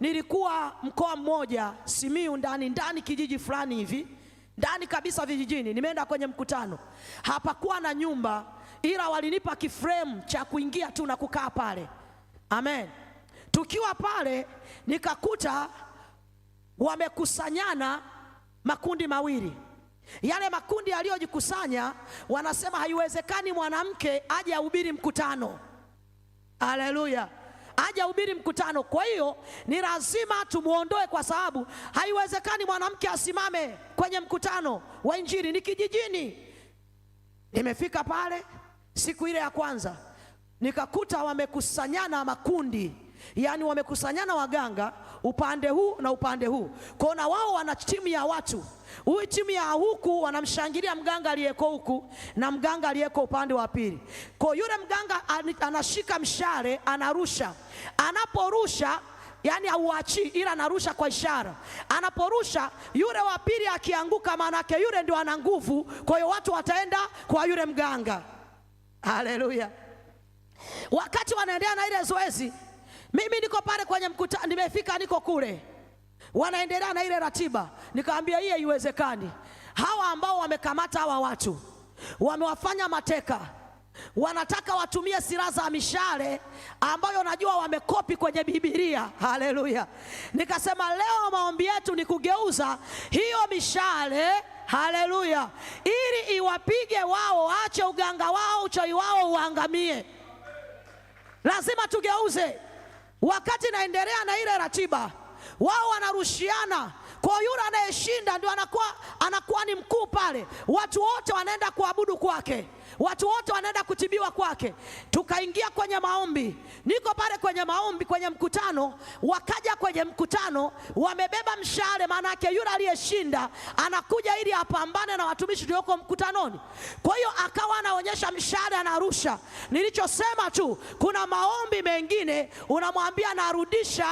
Nilikuwa mkoa mmoja Simiu, ndani ndani kijiji fulani hivi ndani kabisa vijijini, nimeenda kwenye mkutano. Hapakuwa na nyumba, ila walinipa kifremu cha kuingia tu na kukaa pale. Amen. Tukiwa pale nikakuta wamekusanyana makundi mawili. Yale makundi yaliyojikusanya wanasema haiwezekani mwanamke aje ahubiri mkutano. Haleluya aje ahubiri mkutano. Kwa hiyo ni lazima tumuondoe, kwa sababu haiwezekani mwanamke asimame kwenye mkutano wa Injili. Ni kijijini, nimefika pale siku ile ya kwanza nikakuta wamekusanyana makundi yaani wamekusanyana waganga upande huu na upande huu kona wao wana timu ya watu. Huyu timu ya huku wanamshangilia mganga aliyeko huku na mganga aliyeko upande wa pili. Kwa yule mganga anashika mshale, anarusha, anaporusha yaani auachi, ila anarusha kwa ishara. Anaporusha yule wa pili akianguka, maanake yule ndio ana nguvu, kwa hiyo watu wataenda kwa yule mganga. Haleluya! wakati wanaendelea na ile zoezi mimi niko pale kwenye mkutano, nimefika, niko kule, wanaendelea na ile ratiba. Nikaambia hii haiwezekani. Hawa ambao wamekamata hawa watu wamewafanya mateka, wanataka watumie silaha za mishale ambayo najua wamekopi kwenye Biblia. Haleluya! Nikasema leo maombi yetu ni kugeuza hiyo mishale haleluya, ili iwapige wao, waache uganga wao, uchoi wao uangamie. Lazima tugeuze. Wakati naendelea na ile ratiba, wao wanarushiana kwa yule anayeshinda ndio anakuwa anakuwa ni mkuu pale, watu wote wanaenda kuabudu kwake watu wote wanaenda kutibiwa kwake. Tukaingia kwenye maombi, niko pale kwenye maombi, kwenye mkutano. Wakaja kwenye mkutano wamebeba mshale, maana yake yule aliyeshinda anakuja ili apambane na watumishi tulioko mkutanoni. Kwa hiyo akawa anaonyesha mshale, anarusha. Nilichosema tu, kuna maombi mengine unamwambia narudisha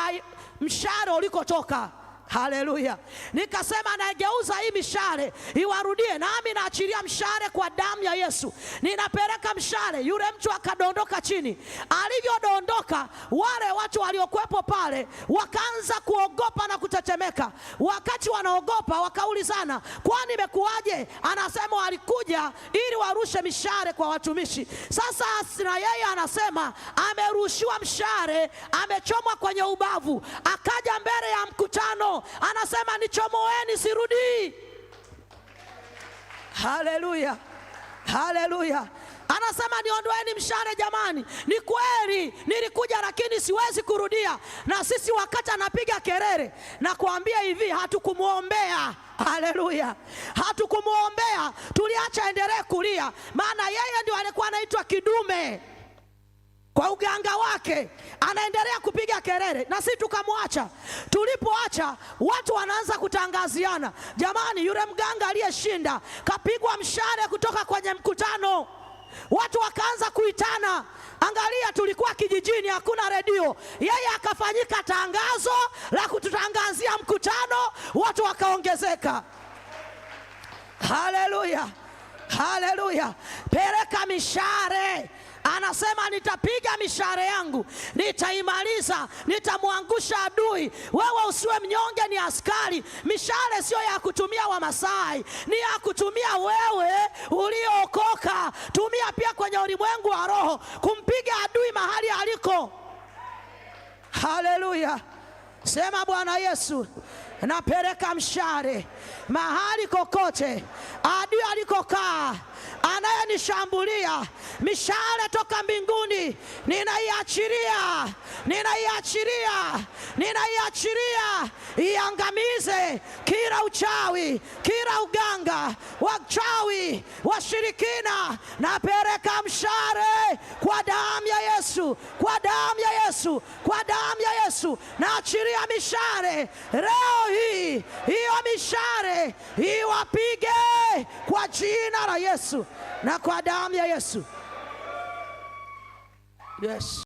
mshale ulikotoka Haleluya! Nikasema naigeuza hii mishale iwarudie, nami naachilia mshale kwa damu ya Yesu. Ninapeleka mshale, yule mtu akadondoka chini. Alivyodondoka, wale watu waliokuwepo pale wakaanza kuogopa na kutetemeka. Wakati wanaogopa, wakaulizana, kwani imekuwaje? Anasema walikuja ili warushe mishale kwa watumishi. Sasa na yeye anasema amerushiwa mshale, amechomwa kwenye ubavu, akaja mbele ya mkutano anasema nichomoeni, sirudii. Haleluya, haleluya. Anasema niondoeni mshale. Jamani, ni kweli nilikuja, lakini siwezi kurudia. Na sisi wakati anapiga kelele, na kuambia hivi, hatukumwombea. Haleluya, hatukumwombea, tuliacha endelee kulia, maana yeye ndio alikuwa anaitwa kidume kwa uganga wake anaendelea kupiga kelele, na sisi tukamwacha. Tulipoacha watu wanaanza kutangaziana, jamani, yule mganga aliyeshinda kapigwa mshale kutoka kwenye mkutano. Watu wakaanza kuitana. Angalia, tulikuwa kijijini, hakuna redio. Yeye akafanyika tangazo la kututangazia mkutano, watu wakaongezeka. Haleluya, haleluya! Peleka mishale Anasema nitapiga mishale yangu, nitaimaliza, nitamwangusha adui. Wewe usiwe mnyonge, ni askari. Mishale siyo ya kutumia Wamasai, ni ya kutumia wewe uliookoka. Tumia pia kwenye ulimwengu wa roho kumpiga adui mahali aliko. Haleluya, sema Bwana Yesu, napeleka mshale mahali kokote adui alikokaa kunishambulia. Mishale toka mbinguni ninaiachiria, ninaiachiria, ninaiachiria iangamize kila uchawi, kila uganga, wachawi, washirikina. Napeleka mshale kwa damu ya Yesu, kwa damu ya Yesu, kwa damu ya Yesu. Naachiria mishale leo hii, hiyo mishale iwapige kwa jina la Yesu na kwa damu ya Yesu. Yes.